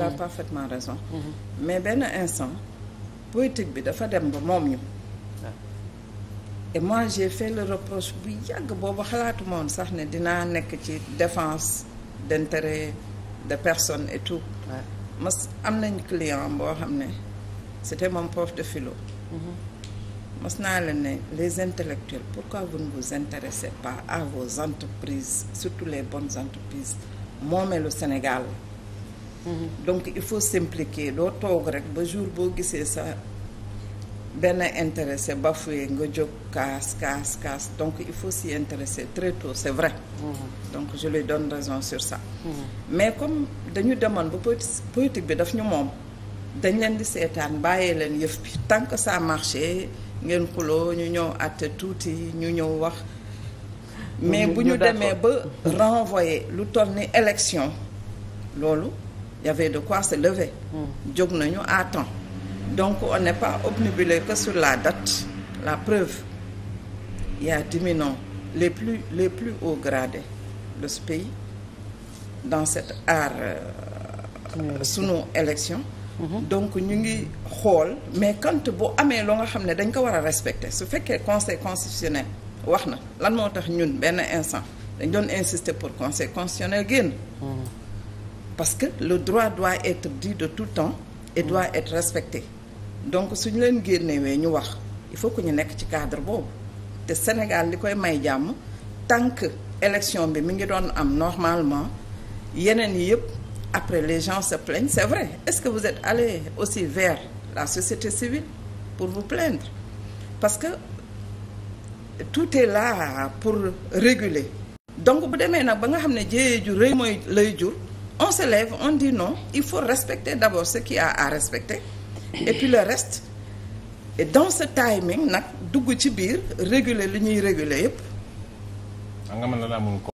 il a mm-hmm. parfaitement raison mm-hmm. mais benn instant politique bi dafa dem ba moom ñu ah. et moi j'ai fait le reproche bu yàgg boobu xalaatuma woon sax ne dinaa nekk ci défense d'intérêt de personne et tout mas am nañ client boo xam ne c'était mon prof de philo mm-hmm. mas naa leen ne les intellectuels pour vous ne vous intéressez pas à vos entreprises surtout les bonnes entreprises moomelu Sénégal donc il faut s'impliquer doo toog rek ba jour boo gisee sa benn ba bafoué nga jóg casse casse casse donc il faut s'y intéresser très tôt c'est vrai mm-hmm. donc je lui donne raison sur ça mm-hmm. mais comme dañu demoon ba politique bi daf ñu moom dañ leen di seetaan bàyyee leen yëf bi tant que ça marché ngeen xuloo ñu ñëw àtte tuuti ñu ñëw wax mais bu ñu demee ba renvoyer lu toll ni élection loolu y avait de quoi se lever. jóg nañu à temps. donc on n'est pas obnubilé que sur la dat la preuve il y les plus les plus hauts gradés de ce pays dans cet art sunu euh, élection mhm. donc ñu ngi xool mais quand bu amee loo nga xam ne dañ ko war a respecter su fekkee conseil constitutionnel wax na lan moo tax ñun benn instant dañ doon insister pour conseil constitutionnel génn. Mhm. parce que le droit doit être dit de tout temps et doit mm. être respecté donc suñu ñu leen génnewee ñu wax il faut que ñu nekk ci cadre boobu te Sénégal li koy may jàmm tant que élection bi mi ngi doon am normalement yeneen yi yëpp après les gens se plaignent c'est vrai est-ce que vous êtes allé aussi vers la société civile pour vous plaindre parce que tout est là pour réguler donc bu demee nag ba nga xam ne jéyee ju rëy mooy lay jur on se lève on dit non il faut respecter d'abord ce qu'il y a à respecter et puis le reste et dans ce timing nag dugg ci biir réguler li ñuy réguler yépp